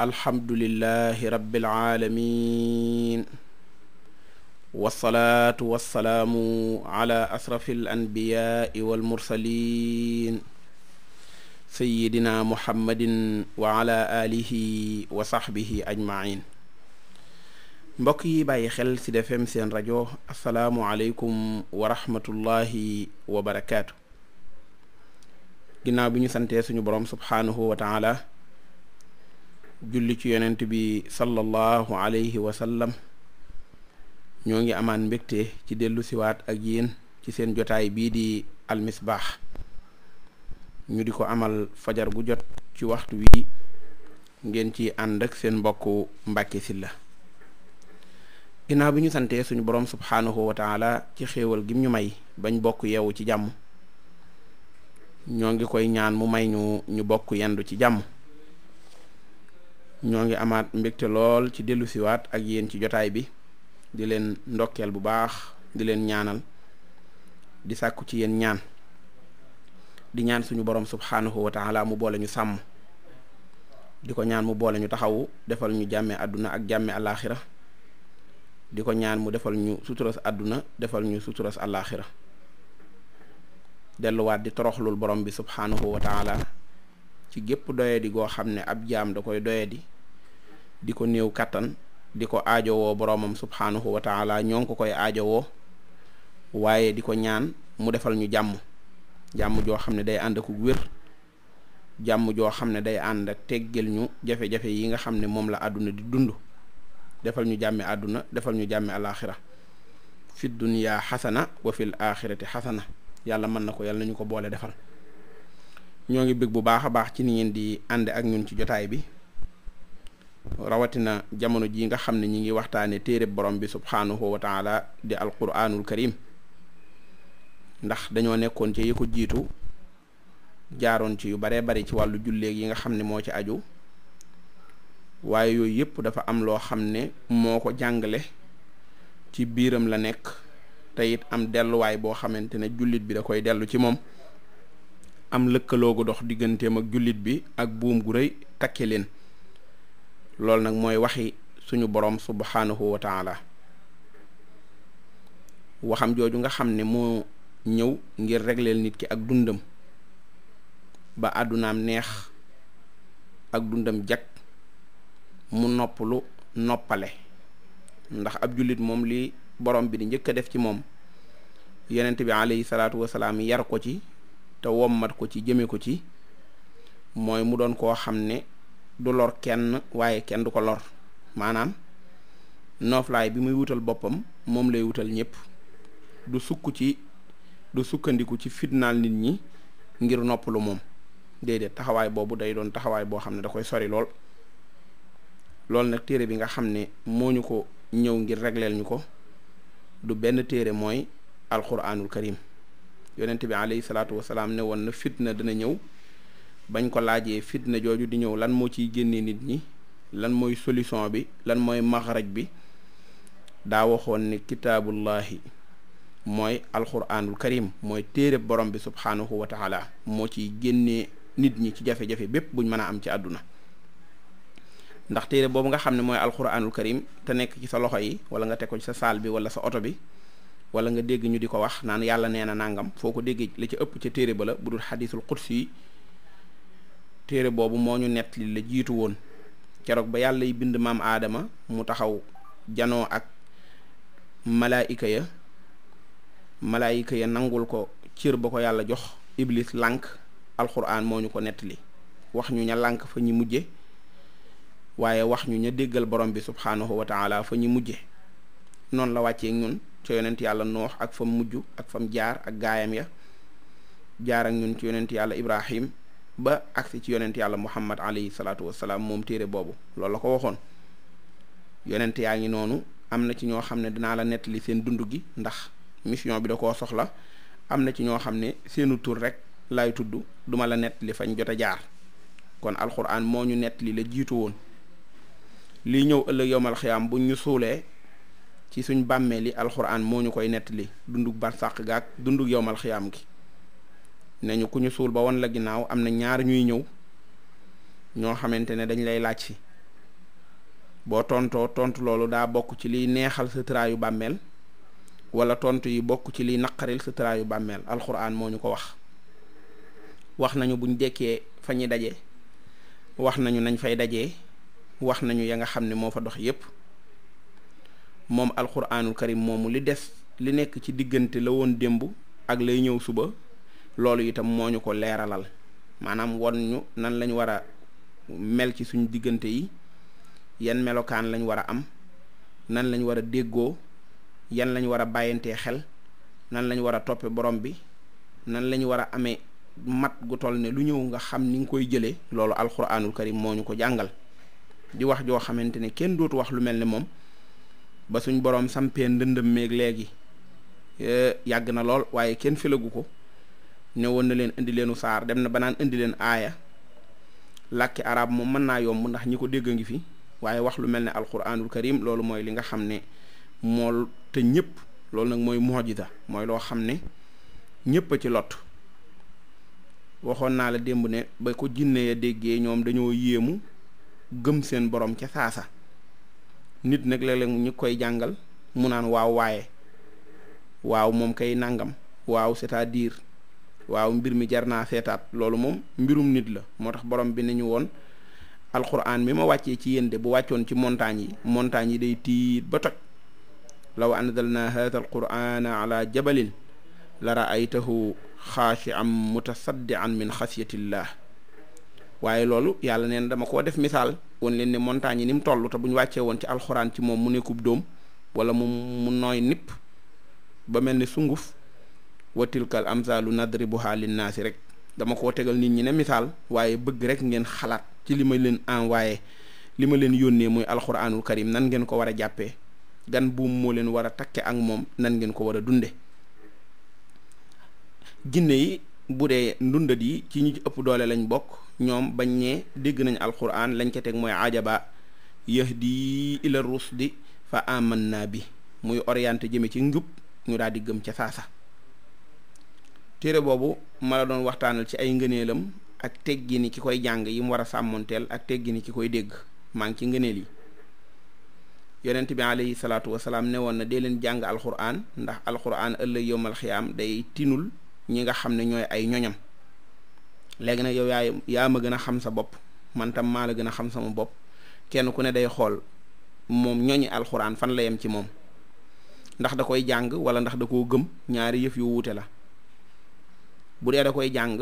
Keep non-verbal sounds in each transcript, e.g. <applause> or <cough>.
alhamdulillahi rabbil aalamiin wasalaatu wasalaamu ala asrafil anbiyaai wal mursaliin sayyidina muhammadin wa ala wa sahbihi ajmain mbokk yi bàyyi xel ci Sud seen rajo asalaamualeykum wa rahmatullahi wa barakaatu. ginnaaw bi ñu santee suñu borom subhaanahu wa taala julli ci yonent bi sallallahu alayhi wa ñoo ngi amaan mbégte ci dellu siwaat ak yéen ci seen jotaay bii di almisbaax ñu di ko amal fajar gu jot ci waxtu wi ngeen ci ànd ak seen mbokk Mbàkke Sylla ginnaaw bi ñu santee suñu borom subhaanahu wa taala ci xéewal gim ñu may bañ bokk yeewu ci jàmm ñoo ngi koy ñaan mu may ñu ñu bokk yendu ci jàmm ñoo ngi amaat mbégte lool ci dellusiwaat ak yéen ci jotaay bi di leen ndokkeel bu baax di leen ñaanal di sàkku ci yéen ñaan di ñaan suñu borom subhaanahu wa taala mu boole ñu sàmm di ko ñaan mu boole ñu taxawu defal ñu jàmme àdduna ak jàmme àllaaxira di ko ñaan mu defal ñu suturas àdduna defal ñu suturas alaaxira delluwaat di toroxlul borom bi subhaanahu wa taala ci gépp doyadi goo xam ne ab jaam da koy doyadi di ko néew kàttan di ko aajowoo boroomam subhaanahu wa taala ñoo ngi ko koy aajowoo waaye di ko ñaan mu defal ñu jàmm jàmm joo xam ne day ànd ak wér jàmm joo xam ne day ànd ak teggal ñu jafe-jafe yi nga xam ne moom la àdduna di dund defal ñu jàmmi àdduna defal ñu jàmmi alaaxira fi dunya xasana wa fil axirati xasana yàlla mën na ko yàlla nañu ko boole defal ñoo ngi bëgg bu baax a baax ci ni ngeen di ànd ak ñun ci jotaay bi rawatina jamono ji nga xam ne ñi ngi waxtaane téere borom bi subhaanahu wa taala di alquraanul karim ndax dañoo nekkoon ci yi ko jiitu jaaroon ci yu baree bari ci wàllu julleeg yi nga xam ne moo ci aju waaye yooyu yëpp dafa am loo xam ne moo ko jàngale ci biiram la nekk te it am delluwaay boo xamante ne jullit bi da koy dellu ci moom am lëkkaloo gu dox digganteem ak jullit bi ak buum gu rëy takke leen loolu nag mooy waxi suñu borom subhaanahu wa taala waxam jooju nga xam ni moo ñëw ngir regleel nit ki ak dundam ba àddunaam neex ak dundam jag mu noppalu noppale ndax ab jullit moom li borom bi di njëkk a def ci moom yeneent bi alayhi salaatu wasalaam yar ko ci te wom mat ko ci jëme ko ci mooy mu doon koo xam ne du lor kenn waaye kenn du ko lor maanaam nooflaay bi muy wutal boppam moom lay wutal ñépp du sukk ci du sukkandiku ci fitnaal nit ñi ngir noppalu moom déedéet taxawaay boobu day doon taxawaay boo xam ne da koy sori lool loolu nag téere bi nga xam ne moo ñu ko ñëw ngir regleel ñu ko du benn téere mooy alquranul karim yonent bi alayhi salaatu wasalaam ne woon na fitna dina ñëw bañ ko laajee fitna jooju di ñëw lan moo ciy génne nit ñi lan mooy solution bi lan mooy maxaraj bi daa waxoon ni kitaabullahi mooy alquranul karim mooy téere borom bi subhaanahu wa taala moo ciy génne nit ñi ci jafe-jafe bépp buñ mën a am ci àdduna ndax téere boobu nga xam ne mooy alquranul karim te nekk ci sa loxo yi wala nga teg ko ci sa saal bi wala sa oto bi wala nga dégg ñu di ko wax naan yàlla nee na nàngam foo ko déggee la ci ëpp ca téere ba la bu dul xadiisul xudsi yi téere boobu moo ñu nettali la jiitu woon ceroog ba yàlla yi bind maam aadama mu taxaw janoo ak malaayika ya malaayika ya nangul ko cër ba ko yàlla jox iblis lànk alxuraan moo ñu ko nettali wax ñu ña lànk fa ñu mujje waaye wax ñu ña déggal borom bi subhaanahu wa taala fa ñu mujje noonu la wàccee ñun ca yonent yàlla noox ak fam mujj ak fam jaar ak gaayam ya jaar ak ñun ci yonent yàlla ibrahim ba agsi ci yonent yàlla muhammad alayhi salaatu wasalaam moom téere boobu loolu la ko waxoon yonent yaa ngi noonu am na ci ñoo xam ne dinaa la nettali seen dund gi ndax mission bi da koo soxla am na ci ñoo xam ne seenu tur rek lay tudd duma la nettali fañ jot a jaar kon alxuraan moo ñu nettali la jiitu woon lii ñëw ëllëg yowmal xiyaam bu ñu suulee ci suñ bàmmeel yi alxuraan moo ñu koy nettali dundug barsàq gaag dundug yowmal xiyaam gi ne ñu ku suul ba won la ginnaaw am na ñaar ñuy ñëw ñoo xamante ne dañ lay laaj si boo tontoo tontu loolu daa bokk ci liy neexal sa tëraayu bàmmeel wala tontu yi bokk ci liy naqaril sa tëraayu bàmmeel alxuraan moo ñu ko wax wax nañu buñ dekkee fa ñuy daje wax nañu nañ fay daje wax nañu ya nga xam ne moo fa dox yépp moom alxuraanul karim moomu li des li nekk ci diggante la woon démb ak lay ñëw suba loolu itam moo ñu ko leeralal maanaam won ñu nan lañ war a mel ci suñu diggante yi yan melokaan lañ war a am nan lañ war a déggoo yan lañ war a bàyyantee xel nan lañ war a toppe borom bi nan lañ war a amee mat gu toll ne lu ñëw nga xam ni nga koy jëlee loolu alxuraanul karim moo ñu ko jàngal di wax joo xamante ne kenn dootu wax lu mel ne moom ba suñ borom sampee ndëndëm meeg léegi eh, yàgg na lool waaye kenn filagu ko ne woon na leen indi leenu saar dem na ba naan indi leen aaya làkki arab moom mën naa yomb ndax ñi ko dégg a ngi fi waaye wax lu mel ne alquranul karim loolu mooy li nga xam ne mool te ñëpp loolu nag mooy mujjiza mooy loo xam ne ñëpp a ci lot waxoon naa la démb ne ba ko jinne ya déggee ñoom dañoo yéemu gëm seen borom ca saasa nit nag léeg-léeg ñu koy jàngal mu naan waaw waaye waaw moom kay nangam waaw cest diir waaw mbir mi jar naa seetaat loolu moom mbirum nit la moo tax borom bi nañu woon alquran mi ma wàccee ci yéen de bu wàccoon ci montagne yi montagne yi day tiit ba toj law anzalna haadha alqurana ala jabalin la am xaachi'an mutasaddi'an min xasyatillah waaye loolu yàlla neen dama koo def misaal won leen ne montagne yi ni mu toll te bu ñu wàccee woon ci alxuraan ci moom mu nekkub dóom wala mu mu nooy nipp ba mel ni sunguf wa tilkal amsaalu nadribuha linnaasi rek dama koo tegal nit ñi ne misaal waaye bëgg rek ngeen xalaat ci li ma leen envoyé li ma leen yónnee muy alxuraanul karim nan ngeen ko war a jàppee gan buum moo leen war a takke ak moom nan ngeen ko war a dunde ginne yi bu dee ndundat yi ci ñi ci ëpp doole lañ bokk ñoom bañ ne dégg nañ alquran lañ ca teg mooy ajaba yahdi di rusdi fa amanna bi muy oriente jëme ci njub ñu daal di gëm ca saasa téere boobu ma la doon waxtaanal ci ay ngëneelam ak teggi ki koy jàng yi mu war a sàmmonteel ak teggi ni ki koy dégg maa ngi ci ngëneel yi yonent bi alayhi salaatu wasalaam ne woon na dee leen jàng alquran ndax alquran ëllëg yowmal xiyaam day tinul ñi nga xam ne ñooy ay ñoñam léegi nag yow yaay yaa ma gën a xam sa bopp mantam maa la gën a xam sama bopp kenn ku ne day xool moom ñooñu alxuraan fan la yem ci moom ndax da koy jàng wala ndax da koo gëm ñaari yëf yu wuute la bu dee da koy jàng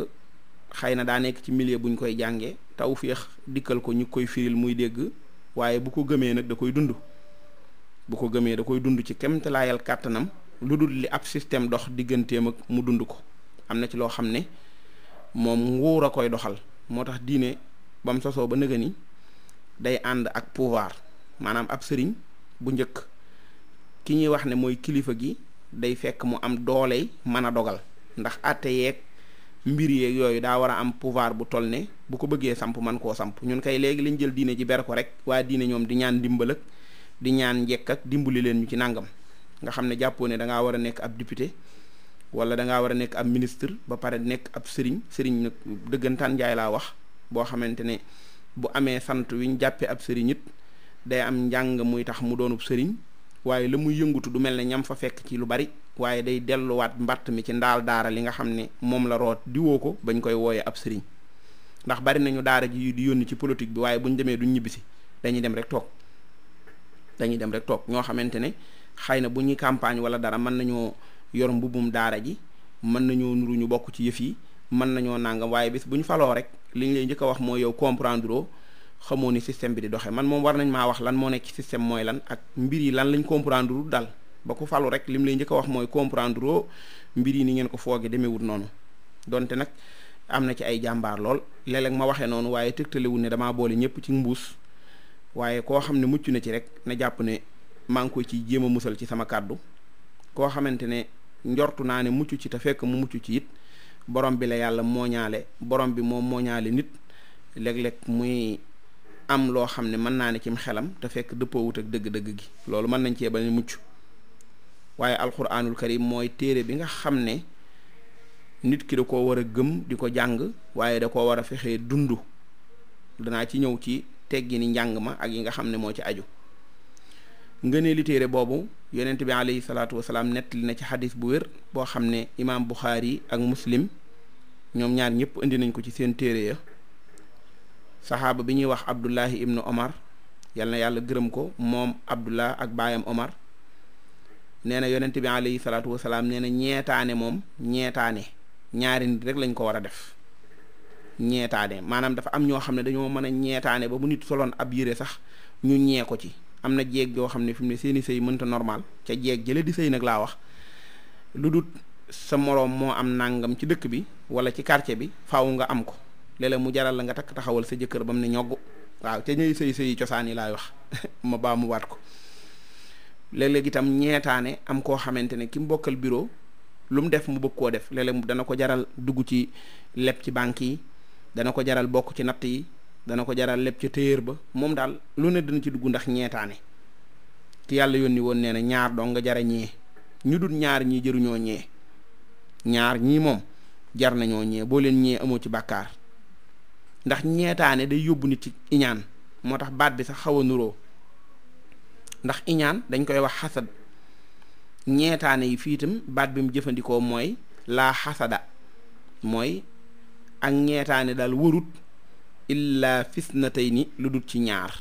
xëy na daa nekk ci milieu buñ koy jàngee taw féex dikkal ko ñu koy firil muy dégg waaye bu ko gëmee nag da koy dund bu ko gëmee da koy dund ci kemtalaayal kàttanam lu dul li ab système dox digganteem ak mu dund ko am na ci loo xam ne moom nguur a koy doxal moo tax diine bam mu sosoo ba nëga ni day ànd ak pouvoir maanaam ab sëriñ bu njëkk ki ñuy wax ne mooy kilifa gi day fekk mu am dooley mën a dogal ndax àtte yeeg mbir yeeg yooyu daa war a am pouvoir bu toll ne bu ko bëggee samp man koo samp ñun kay léegi liñ jël diine ji ber ko rek waa diine ñoom di ñaan dimbal di ñaan njekk ak dimbali leen ñu ci nangam nga xam ne jàppoo ne da ngaa war a nekk ab député wala da war a nekk ab ministre ba pare nekk ab sëriñ sëriñ nag dëggantaan njaay laa wax boo xamante ne bu amee sant wi ñu jàppee ab sëriñ it day am njàng muy tax mu doonub sëriñ waaye la muy yëngutu du mel ne ñam fa fekk ci lu bari waaye day delluwaat mbàtt mi ci ndaal daara li nga xam ne moom la root diwoo ko bañ koy wooyee ab sëriñ ndax bari nañu daara ji di yónni ci politique bi waaye bu ñu demee duñ ñibbisi dañuy dem rek toog dañuy dem rek toog ñoo xamante ne xëy na bu ñuy campagne wala dara mën nañoo yor mbubbum daara ji mën nañoo nuru ñu bokk ci yëf yi mën nañoo nanga waaye bis bu ñu faloo rek li lay njëkk a wax mooy yow comprendre xamoo ni système bi di doxee man moom war nañ maa wax lan moo nekk système mooy lan ak mbir yi lan lañ comprendre wul dal ba ku falu rek lim lay njëkk wax mooy comprendre mbir yi ni ngeen ko fooge demeewul noonu donte nag am na ci ay jàmbaar lool léeg-léeg ma waxee noonu waaye tëgtalewul ne dama boole ñëpp ci mbuus waaye koo xam ne mucc na ci rek na jàpp ne maa ngi koy ci jéem a musal ci sama kàddu njortu naa ne mucc ci te fekk mu mucc ci it borom bi la yàlla mooñaale borom bi moom mooñaale nit léeg-léeg muy am loo xam ne mën naa ne cim xelam te fekk dëppoowut ak dëgg-dëgg gi loolu mën nañ cee bañ mucc waaye alquranul karim mooy téere bi nga xam ne nit ki da ko war a gëm di ko jàng waaye da koo war a fexee dund danaa ci ñëw ci teggi ni njàng ma ak yi nga xam ne moo ci aju ngëneeli téere boobu yonent bi alayhi salaatu wasalaam nettali na ci xadis bu wér boo xam ne imaam Buxaari ak muslim ñoom ñaar ñëpp indi nañ ko ci seen téere ya saxaaba bi ñuy wax Abdullahi ibnu Omar yal na yàlla gërëm ko moom Abdullah ak baayam Omar nee na yonent bi alayhi salaatu wasalaam nee na ñeetaane moom ñeetaane ñaari nit rek lañ ko war a def ñeetaane maanaam dafa am ñoo xam ne dañoo mën a ñeetaane ba bu nit soloon ab yére sax ñu ñee ko ci am na jeeg joo xam ne fi mu ne seeni sëy mënta normal ca jeeg jële di sëy nag laa wax lu dut sa moroom moo am nàngam ci dëkk bi wala ci quartier bi faaw nga am ko léeg mu jaral la nga takk taxawal sa jëkkër ba mu ne ñogg waaw te ñuy sëy sëyi cosaan yi laay wax <laughs> ma baa mu waat ko léeg-léeg itam ñeetaane am koo xamante ne ki mu bokkal bureau lu mu def mu bëgg koo def léeg-léeg dana ko jaral dugg ci leb ci banque yi dana ko jaral bokk ci natt yi dana ko jaral lépp ca téyéer ba moom daal lu ne dana ci dugg ndax ñeetaane ki yàlla yónni woon nee na ñaar dong nga jara ñee ñu dul ñaar ñii jëruñoo ñee ñaar ñii moom jar nañoo ñee boo leen ñee amoo ci bàkkaar ndax ñeetaane day yóbbu nit ci iñaan moo tax baat bi sax xaw a nuroo ndax iñaan dañ koy wax xasad ñeetaane yi fii itam baat bi mu jëfandikoo mooy laa xasada mooy ak ñeetaane daal wërut fis na tey fitnatayni lu dul ci ñaar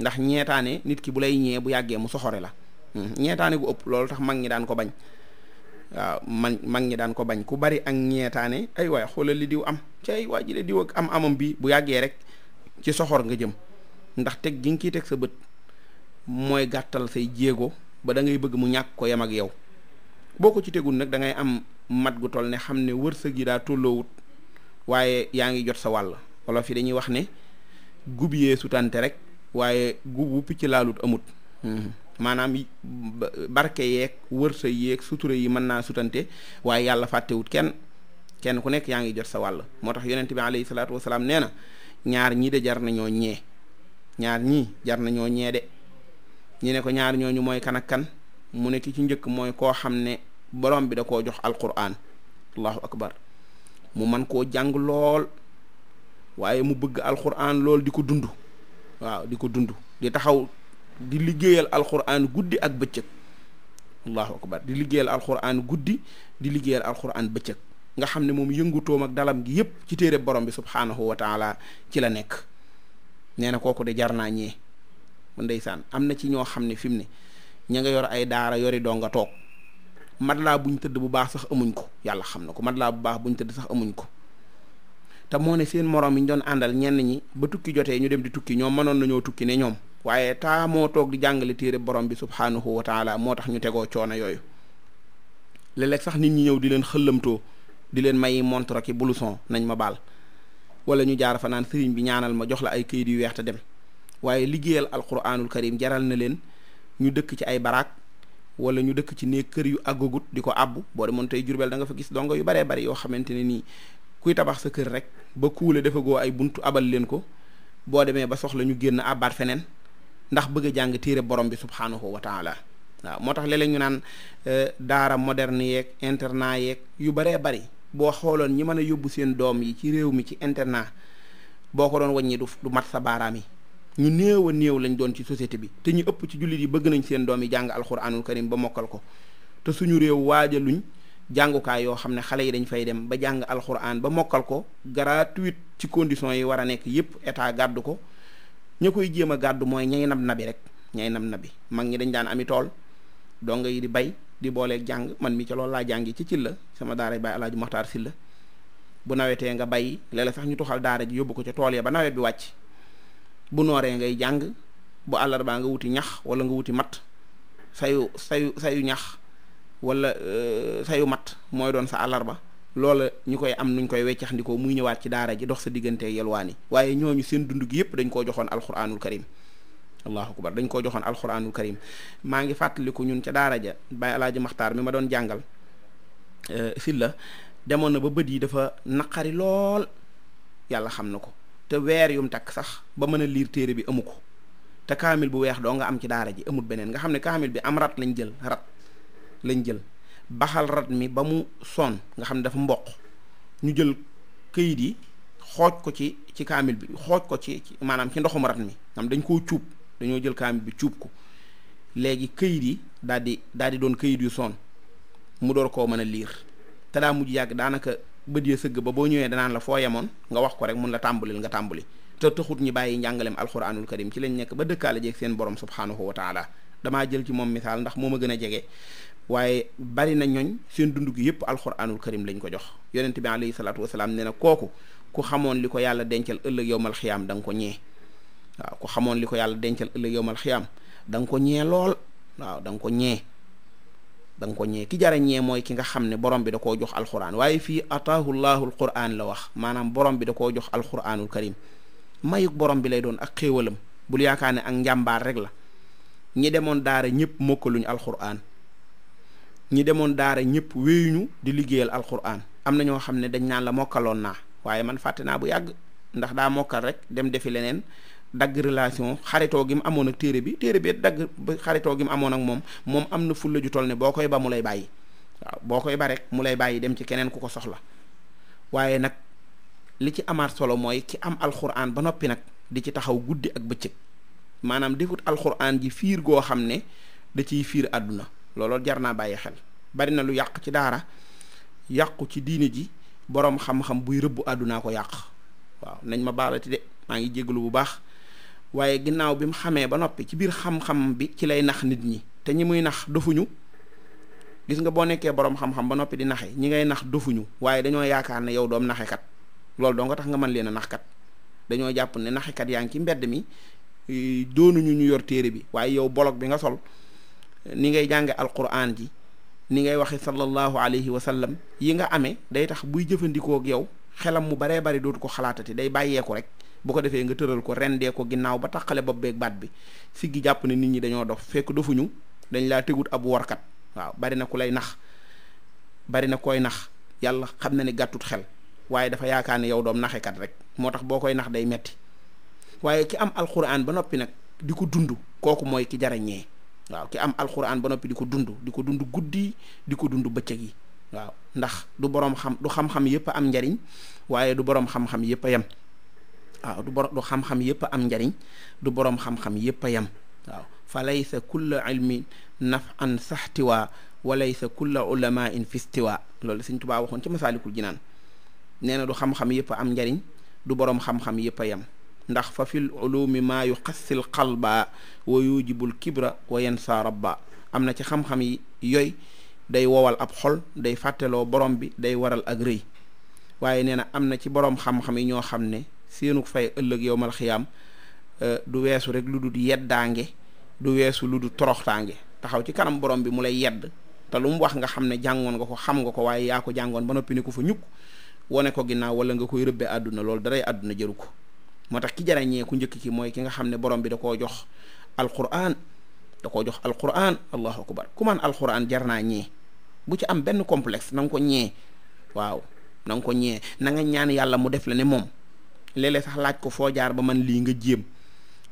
ndax ñeetaane nit ki bu lay ñee bu yàggee mu soxore la hmm. ñeetaane gu ëpp loolu tax mag ñi daan ko bañ man mag ñi daan ko bañ ku bari ak ñeetaane ay waay xoolal li diw am ci ay waa ji la diw ak am amam bi bu yàggee rek ci soxor nga jëm ndax teg gi nga ciy teg sa bët mooy gàttal say jéego ba dangay bëgg mu ñàkk ko yem ak yow boo ko ci tegul nag dangay am mat gu toll ne xam ne wërsëg yi daa tolloowut waaye yaa ngi jot sa wàll olof yi dañuy wax ne gub yee sutante rek waaye gubu picc laalut amut mm-hmm. maanaam barke yeeg wërsa yeeg sutura yi mën naa sutante waaye yàlla fàttewut kenn kenn ku nekk yaa ngi jot sa wàll moo tax yonent bi alayhi salaatu wasalaam nee na ñaar ñii de jar nañoo ñee ñaar ñii jar nañoo ñee de ñu ne ko ñaar ñooñu mooy kan ak kan mu ne ki ci njëkk mooy koo xam ne borom bi da koo jox alquran allahu akbar mu man koo jàng lool waaye mu bëgg alxuraan lool di ko dund waaw di ko dund di taxaw di liggéeyal alxuraan guddi ak bëccëg allahu akbar di liggéeyal alxuraan guddi di liggéeyal alxuraan bëccëg nga xam ne moom yëngutoom ak dalam gi yépp ci téere borom bi subhaanahu wa taala ci la nekk nee na kooku de jar naa ñee mu ndeysaan am na ci ñoo xam ne fi mu ne ña nga yor ay daara yori doo nga toog mat laa buñ tëdd bu baax sax amuñ ko yàlla xam na ko mat laa bu baax buñ tëdd sax amuñ ko te moo ne seen morom yi ñu doon àndal ñenn ñi ba tukki jotee ñu dem di tukki ñoom mënoon nañoo tukki ne ñoom waaye taa moo toog di jàngale téere borom bi subhaanahu wa taala moo tax ñu tegoo coono yooyu léeg sax nit ñi ñëw di leen xëllamtoo di leen mayi montre ki blouson nañ ma baal wala ñu jaar fa naan sëriñ bi ñaanal ma jox la ay këyit yu weex te dem waaye liggéeyal alquranul karim jaral na leen ñu dëkk ci ay baraak wala ñu dëkk ci néeg kër yu àggagut di ko àbbu boo demoon tey Jurbel da nga fa gis dongo yu baree bari yoo xamante ne nii kuy tabax sa kër rek ba kuule defagoo ay buntu abal leen ko boo demee ba soxla ñu génn àbbaat feneen ndax bëgg a jàng téere borom bi subhaanahu wa taala waaw moo tax léeg ñu naan euh, daara moderne yeeg internat yeeg yu baree bari boo xooloon ñi mën a yóbbu seen doom yi ci réew mi ci internat boo ko doon wàññi du du mat sa baaraam yi ñu néew a néew lañ doon ci société bi te ñu ëpp ci jullit yi bëgg nañ seen doom yi jàng alxuraanul karim ba mokkal ko te suñu jàngukaay yoo xam ne xale yi dañ fay dem ba jàng alxuraan ba mokkal ko gratuit ci condition yi war a nekk yépp état gàddu ko ña koy jéem a gàddu mooy ñay nab nabi rek ñay nab nabi mag ñi dañ daan ami tool donga yi di bay di booleeg jàng man mi ci loolu laa jàngi ci la sama daara bay alaaju maxtaar la bu nawetee nga bay léeg sax ñu tuxal daara ji yóbbu ko ca tool ya ba nawet bi wàcc bu nooree ngay jàng bu àllarbaa nga wuti ñax wala nga wuti matt sayu sayu sayu ñax wala euh, sayu mat mooy doon sa àllarba loola ñu koy am nuñ koy weccax muy ñëwaat ci daara ji dox sa diggante yelwaani waaye ñooñu seen dund gi yépp dañ koo joxoon alquranul karim allahu akbar dañ koo joxoon alquranul karim maa ngi fàttaliku ñun ca daara ja bay alaaji maxtaar mi ma doon jàngal fi euh, la demoon na ba bët yi dafa naqari lool yàlla xam na ko te weer yum takk sax ba mën a liir téere bi amu ko te kaamil bu weex doo nga am ci daara ji amut beneen nga xam ne kaamil bi am rat lañ jël rat lañ jël baxal rat mi ba mu sonn nga xam ne dafa mboq ñu jël këyit yi xooj ko ci ci kaamil bi xooj ko ci maanaam ci ndoxum rat mi nga xam dañ koo cuub dañoo jël kaamil bi cuub ko léegi këyit yi daal di daal di doon këyit yu sonn mu door koo mën a liir te daa mujj yàgg daanaka bët ya sëgg ba boo ñëwee danaan la foo yemoon nga wax ko rek mun la tàmbalil nga tàmbali te taxut ñi bàyyi njàngaleem alxuraanul karim ci lañ nekk ba dëkkaale jeeg seen borom subhaanahu wa taala damaa jël ci moom misaal ndax moo ma gën a jege waaye bari na ñooñ seen dund gi yëpp alxuraanul karim lañ ko jox yonent bi alayhi salaatu wasalaam nee na kooku ku xamoon li ko yàlla dencal ëllëg yowmal xiyaam danga ko ñee ku xamoon li ko yàlla dencal ëllëg yowmal xiyaam da nga ko ñee lool waaw da nga ko ñee da nga ko ñee ki jara ñee mooy ki nga xam ne borom bi da koo jox alxuraan waaye fii ataahu llaahu alquran la wax maanaam borom bi da koo jox alxuraanul karim mayuk borom bi lay doon ak xéewalam bul yaakaar ne ak njàmbaar rek la ñi demoon daara ñëpp mokkaluñ alxuraan ñi demoon daara ñëpp wéyuñu di liggéeyal alquran am na ñoo xam ne dañ naan la mokkaloon naa waaye man fàtte naa bu yàgg ndax daa mokkal rek dem defi leneen dagg relation xaritoo gi mu amoon ak téere bi téere bi dagg xaritoo gi mu amoon ak moom moom am na fulla ju toll ne boo koy ba mu lay bàyyi waaw boo koy ba rek mu lay bàyyi dem ci keneen ku ko soxla waaye nag li ci amaat solo mooy ki am alxuraan ba noppi nag di ci taxaw guddi ak bëccëg maanaam defut alxuraan ji fiir goo xam ne da ciy fiir àdduna looloo jar naa bàyyi xel bari na lu yàq ci daara yàqu ci diine ji boroom xam-xam buy rëbb àddunaa ko yàq waaw nañ ma baalati de maa ngi jéglu bu baax waaye ginnaaw bi mu xamee ba noppi ci biir xam-xam bi ci lay nax nit ñi te ñi muy nax dofuñu gis nga boo nekkee boroom xam-xam ba noppi di naxe ñi ngay nax dofuñu waaye dañoo yaakaar ne yow doom naxekat loolu doo nga tax nga man leen naxkat dañoo jàpp ne naxekat yaa ngi ci mbedd mi doonuñu ñu yor téere bi waaye yow bolog bi nga sol ni ngay jànge alquran ji ni ngay waxe sallallahu alayhi wa sallam yi nga amee day tax buy jëfandikook yow xelam mu baree bari dootu ko xalaatati day bàyyeeku rek bu ko defee nga tëral ko rendee ko ginnaaw ba taxale bopp beeg baat bi siggi jàpp ne nit ñi dañoo dof fekk dofuñu dañ laa tegut ab workat waaw bari na ku lay nax bari na koy nax yàlla xam na ne gàttut xel waaye dafa yaakaar ne yow doom naxekat rek moo tax boo koy nax day metti waaye ki am alquran ba noppi nag di ko dund kooku mooy ki jarañee waaw ki am alxuraan ba noppi di ko dund di ko dund guddi di ko dund bëccëg yi waaw ndax du boroom xam du xam-xam yépp am njariñ waaye du boroom xam-xam yépp a yem waaw du bor du am njariñ du boroom xam-xam yépp a yem waaw fa laysa kulla ilmin nafan saxtiwa wa laysa kulla ulamain fistiwa loolu Sëñ Tuubaa waxoon ci masaalikul jinaan nee na du xam-xam yépp a am njariñ du boroom xam-xam yépp a yem ndax fa fil ulumi maa yu xassil xalbaa wa yujibul kibra wa yansa rabba am na ci xam-xam yi yooy day wowal ab xol day fàtteloo borom bi day waral ak rëy waaye nee na am na ci borom xam-xam yi ñoo xam ne seenu fay ëllëg yowmal xiyaam euh, du weesu rek lu dul yeddaange du weesu lu dul toroxtaange taxaw ci kanam borom bi mu lay yedd te lu mu wax nga xam ne jàngoon nga ko xam nga ko waaye yaa ko jàngoon ba noppi ni ko fa ñukk wane ko ginnaaw wala nga koy rëbbe àdduna loolu daray àdduna jëru ko moo tax ki jarañee ku njëkk ki mooy ki nga xam ne borom bi da koo jox alquran da koo jox alquran allahu akbar ku man alquran jar naa ñee bu ci am benn complexe na nga ko ñee waaw na ko ñee na nga ñaan yàlla mu def la ne moom léeg sax laaj ko foo jaar ba man lii nga jéem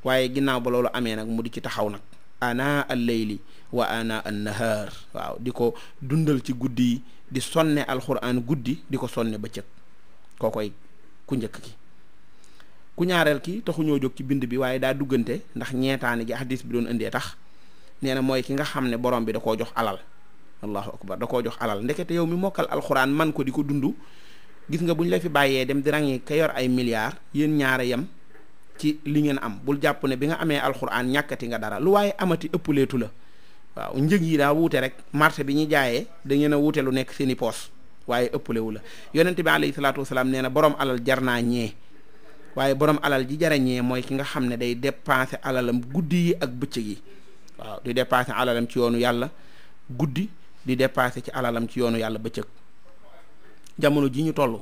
waaye ginnaaw ba loolu amee nag mu di ci taxaw nag ana al layli wa an nahar waaw di ko dundal ci guddi yi di sonne alquran guddi di ko sonne ba bëccëg koo koy ku njëkk ki ku ñaareel ki taxuñoo jóg ci bind bi waaye daa duggante ndax ñeetaani gi hadis bi doon indee tax nee na mooy ki nga xam ne borom bi da koo jox alal allahu akbar da koo jox alal ndekete yow mi mokkal alxuraan man ko di ko dund gis nga bu ñu la fi bàyyee dem di rangi ka yor ay milliards yéen ñaare yam ci li ngeen am bul jàpp ne bi nga amee alxuraan ñàkkati nga dara lu waaye amati ëppleetu la waaw njëg yi daa wuute rek marché bi ñuy jaayee da ngeen a wuute lu nekk seen i poos waaye ëpplewu la yonente bi alayhi salaatu wasalaam nee na borom alal jar naa ñee waaye borom alal ji jarañee mooy ki nga xam ne day dépensé alalam guddi yi ak bëccëg yi waaw di dépensé alalam ci yoonu yàlla guddi di dépensé ci alalam ci yoonu yàlla bëccëg jamono ji ñu toll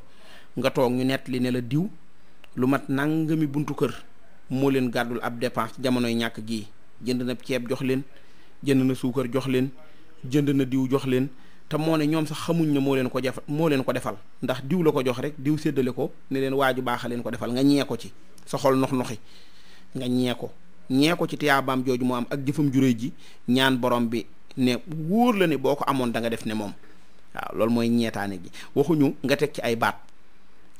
nga toog ñu nett li ne la diw lu mat nangami buntu kër moo leen gàddul ab ci jamonoy ñàkk gii jënd na ceeb jox leen jënd na suukar jox leen jënd na diw jox leen te moo ne ñoom sax xamuñ ne moo leen ko jaf moo leen ko defal ndax diw la ko jox rek diw séddale ko ne leen waaju baaxa leen ko defal nga ñee ko ci sa nox noxi nga ñee ko ñee ko ci tiyaabaam jooju moo am ak jëfam juré ji ñaan borom bi ne wóor la ne boo ko amoon da def ne moom waaw mooy ñeetaane gi waxuñu nga teg ci ay baat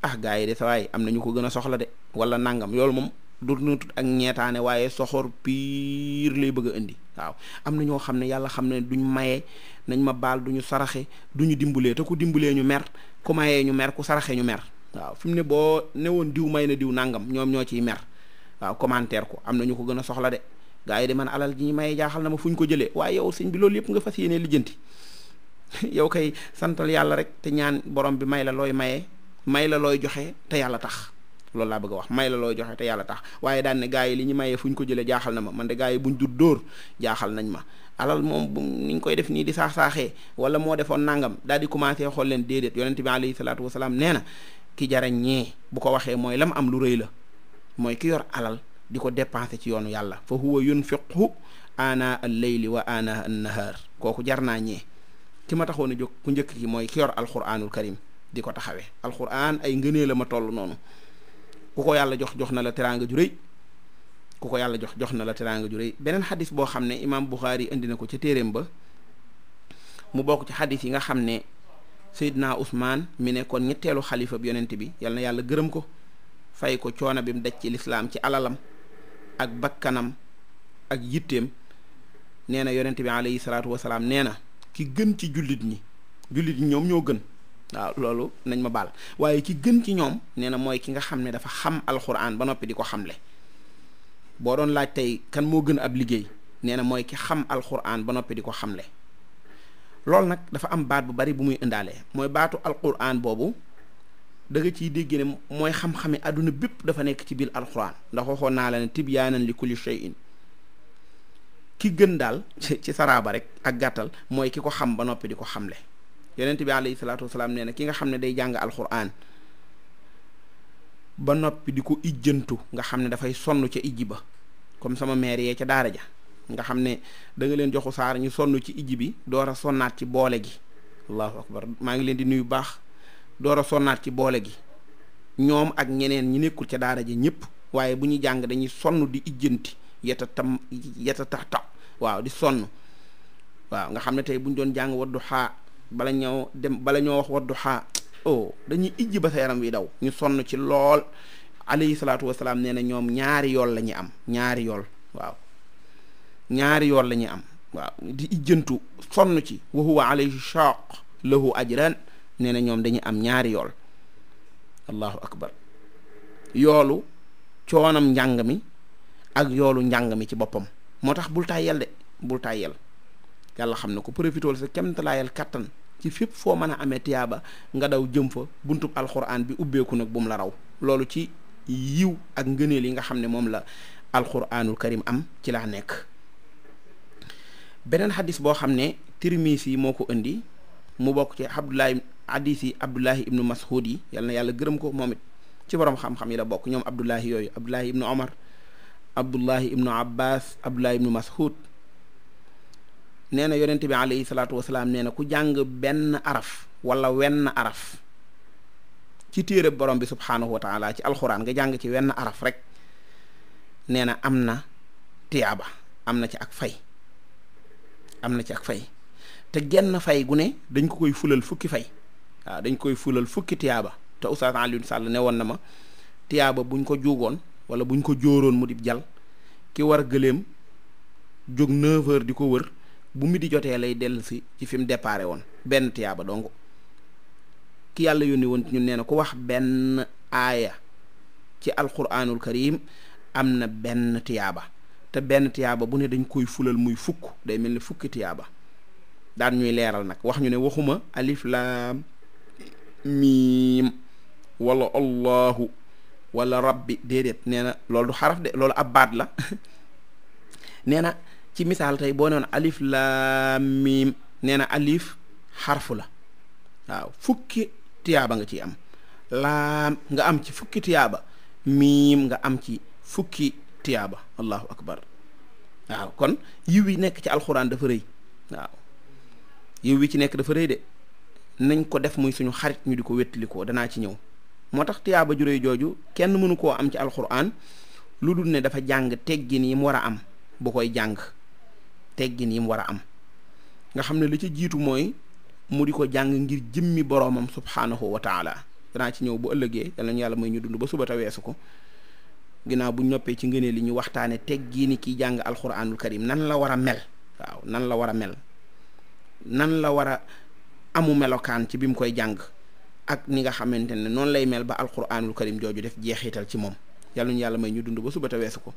ah yi de waaye am na ko gën a soxla de wala nangam loolu moom du nutut ak ñeetaane waaye soxoor piir lay bëgg indi waaw am na ñoo xam ne yàlla xam ne duñ maye nañ ma baal du ñu saraxe du ñu dimbalee te ku dimbalee ñu mer ku mayee ñu mer ku saraxe ñu mer waaw fi ne boo ne woon diw may na diw nangam ñoom ñoo ciy mer waaw commentaire ko am na ñu ko gën a soxla de gars yi de man alal ji ñu mayee jaaxal na ma fu ñu ko jëlee waaye yow sëñ loolu yëpp nga fas yéenee lijjanti <laughs> yow kay santal yàlla rek te ñaan borom bi may la looy mayee may la looy joxe te yàlla tax loolu laa bëgg wax may la looy joxe te yàlla tax daan ne gars yi li ñu mayee fu ko jëlee jaaxal na ma man de gars yi buñ dut dóor jaaxal nañ ma alal moom bu ni koy def nii di saax-saaxee wala moo defoon nangam daal di commencé xool leen déedéet yonent bi alayhi salaatu wasalaam nee na ki jarañ ñee bu ko waxee mooy lam am lu rëy la mooy ki yor alal di ko dépensé ci yoonu yàlla fa huwa yunfiqu ana al leyli wa ana an kooku jar naa ñee ki ma taxoon a jóg ku njëkk ki mooy ki yor alquranul karim di ko taxawee alquran ay ngënee la ma toll noonu ku ko yàlla jox jox na la teraanga ju rëy ku ko yàlla jox jox na la teraanga ju rëy beneen xadis boo xam ne imaam Buxaari indi na ko ca téeréem ba mu bokk ci xadis yi nga xam ne Seydina Ousmane mi nekkoon ñetteelu xalifa bi yonent bi yal yàlla gërëm ko fay ko coono bi mu daj ci lislaam ci alalam ak bakkanam ak yitteem nee na yonent bi alayhi salaatu wasalaam nee na ki gën ci jullit ñi jullit ñi ñoom ñoo gën waaw loolu nañ ma baal waaye ki gën ci ñoom nee na mooy ki nga xam ne dafa xam alxuraan ba noppi di ko xamle boo doon laaj tey kan moo gën ab liggéey nee na mooy ki xam alquran ba noppi di ko xamle loolu nag dafa am baat bu bari bu muy indaale mooy baatu alquran boobu da ci ciy dégg mooy xam-xame àdduna bépp dafa nekk ci biir alquran ndax waxoon naa la ne tibyaanan li kulli shay'in ki gën daal ci saraaba rek ak gàttal mooy ki ko xam ba noppi di ko xamle yonent bi alayhi salaatu wasalaam nee na ki nga xam ne day jàng alquran ba noppi di ko ijjantu nga xam ne dafay sonn ca ijji ba comme sama maire yee ca daara ja nga xam ne danga leen joxu saara ñu sonn ci ijji bi door a sonnaat ci boole gi allahu akbar maa ngi leen di nuyu baax door a sonnaat ci boole gi ñoom ak ñeneen ñi nekkul ca daara ja ñépp waaye bu ñuy jàng dañuy sonn di ijjanti yeta tam yeta tax tax waaw di sonn waaw nga xam ne tey bu ñu doon jàng xaa bala ñoo dem bala ñoo wax xaa dañu oh, dañuy ijji ba sa yaram wi daw ñu sonn ci lool alayhi salaatu wasalaam nee na ñoom ñaari yool lañuy am ñaari yool waaw ñaari yool la am waaw di ijjantu sonn ci wa huwa alayhi shaq lahu ajran nee na ñoom dañuy am ñaari yool allahu akbar yoolu coonam njàng mi ak yoolu njàng mi ci boppam moo tax bul tàyyel de bul tàyyel yàlla xam na ko profitool sa kemtalaayal kattan ci fépp foo mën a amee tiyaaba nga daw jëm fa buntub alxuraan bi ubbeeku nag bu mu la raw loolu ci yiw ak ngëneel yi nga xam ne moom la alxuraanul karim am ci laa nekk beneen xadis boo xam ne tirmis yi moo ko indi mu bokk ci abdullahi xadis yi abdullahi ibnu mas'ud yi yal na yàlla gërëm ko moom it ci borom xam-xam yi la bokk ñoom abdullahi yooyu abdullahi ibnu omar abdullahi ibnu abbas abdullahi ibnu mas'ud nee na yonent bi alayhi salaatu wasalaam nee na ku jàng benn araf wala wenn araf ci téere borom bi subhaanahu wa ci alxuraan nga jàng ci wenn araf rek nee na am na tiyaaba am na ci ak fay am na ci ak fay te genn fay gune dañ ko koy fulal fukki fay waaw dañ koy fulal fukki tiyaaba te Oustaz Alioune Sall ne woon na ma tiyaaba buñ ko juugoon wala buñ ko jóoroon mu di jal ki war gëléem jóg 9 di ko wër bu mu di jotee lay dellu si ci fi mu déparé woon benn tiyaaba donc ki yàlla yónni woon ci ñun nee na ku wax benn aaya ci alquranul karim am na benn tiyaaba te benn tiyaaba bu ne dañ koy fulal muy fukk day mel ni fukki tiyaaba daan ñuy leeral nag wax ñu ne waxuma alif laam miim wala allahu wala rabbi déedéet nee loolu du xaraf de loolu ab baat la <laughs> nee ci misaal tey boo noon alif laam miim nee na alif xarfu la waaw fukki tiyaaba nga ciy am laam nga am ci fukki tiyaaba nga am ci fukki tiyaaba allahu akbar waaw kon yiw yi nekk ci alxuraan dafa rëy waaw yiw yi ci nekk dafa rëy de nañ ko def muy suñu xarit ñu di ko wéttilikoo danaa ci ñëw moo tax tiyaaba ju jooju kenn mënu koo am ci alxuraan lu dul ne dafa jàng teggin yi mu war a am bu koy jàng teggin yi mu war a am nga xam ne li ci jiitu mooy mu di ko jàng ngir jëmmi boroomam subhaanahu wa taala danaa ci ñëw bu ëllëgee yal yàlla may ñu dund ba suba ta weesu ko ginnaaw bu ñoppee ci ngënee li ñu waxtaane teggiini kiy jàng alxuraanul karim nan la war a mel nan la war a mel nan la war a amu melokaan ci bi mu koy jàng ak ni nga xamante ne noonu lay mel ba alxuraanul karim jooju def jeexital ci moom yal nañu yàlla may ñu dund ba suba weesu ko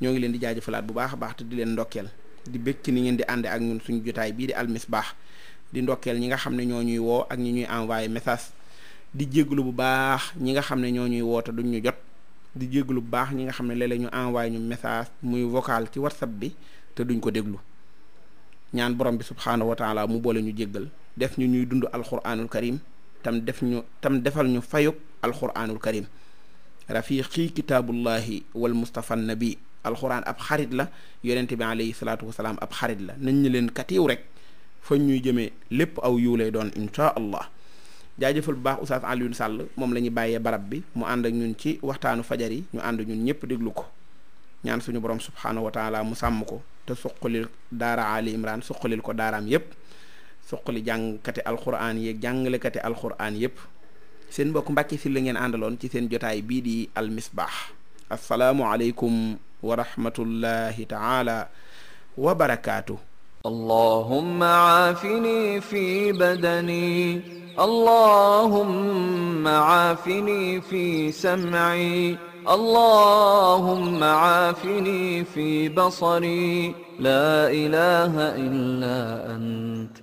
ñoo ngi leen di jaajëfalaat bu baax a baax te di leen ndokkeel di bëgg ci ni ngeen di ànd ak ñun suñu jotaay bii di almisbaax di ndokkeel ñi nga xam ne ñoo ñuy woo ak ñi ñuy envoyé message di jéglu bu baax ñi nga xam ne ñoo ñuy woote duñ ñu jot di jéglu bu baax ñi nga xam ne léeg-léeg ñu envoyé ñu message muy vocal ci whatsapp bi te duñ ko déglu ñaan borom bi subhaanahu wa taala mu boole ñu jéggal def ñu ñuy dund alquranul karim tam def ñu tam defal ñu fayub alquranul karim rafiqi kitaabullahi wal mustafa nabi alxuraan ab xarit la yonent bi alayhi salaatu wasalaam ab xarit la nañ ñu leen katiw rek fa ñuy jëmee lépp aw yiw lay doon inchaa allah jaajëfal bu baax Oustaz Alioune Sall moom la ñu bàyyee barab bi mu ànd ak ñun ci waxtaanu fajar yi ñu ànd ñun ñëpp déglu ko ñaan suñu borom subhaanahu wa taala mu sàmm ko te suqalil daara Ali Imran suqalil ko daaraam yépp suqali jàngkate alxuraan yeeg jàngalekate alxuraan yépp seen mbokk Mbàkke si la ngeen àndaloon ci seen jotaay bii di Al Misbah asalaamualeykum wa rahmatullahi taala wa barakaatu allahumma aafini fi badani allahumma aafini fi sam'i اللهم عافني في بصري لا إله إلا أنت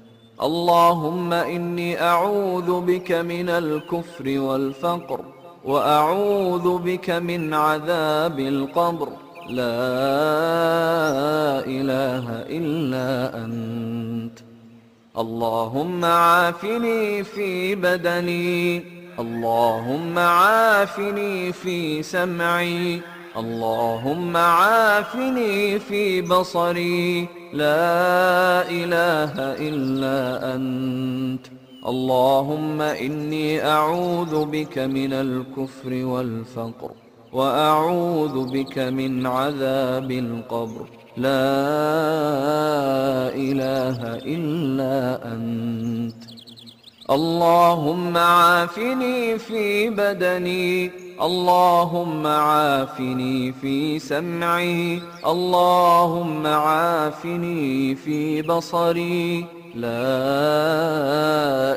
اللهم إني أعوذ بك من الكفر والفقر وأعوذ بك من عذاب القبر لا إله إلا أنت اللهم عافني في بدني اللهم عافني في سمعي اللهم عافني في بصري لا إله إلا أنت اللهم إني أعوذ بك من الكفر والفقر وأعوذ بك من عذاب القبر لا إله إلا أنت اللهم عافني في بدني اللهم عافني في سمعي اللهم عافني في بصري لا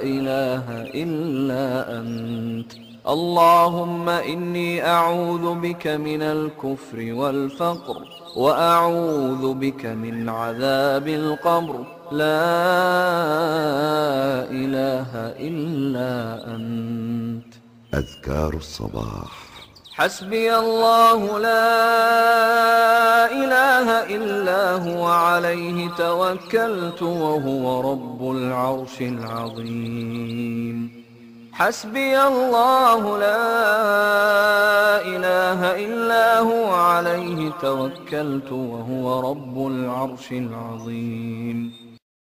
إله إلا أنت اللهم إني أعوذ بك من الكفر والفقر وأعوذ بك من عذاب القبر لا إله إلا أنت أذكار الصباح حسبي الله لا إله إلا هو عليه توكلت وهو رب العرش العظيم حسبي الله لا إله إلا هو عليه توكلت وهو رب العرش العظيم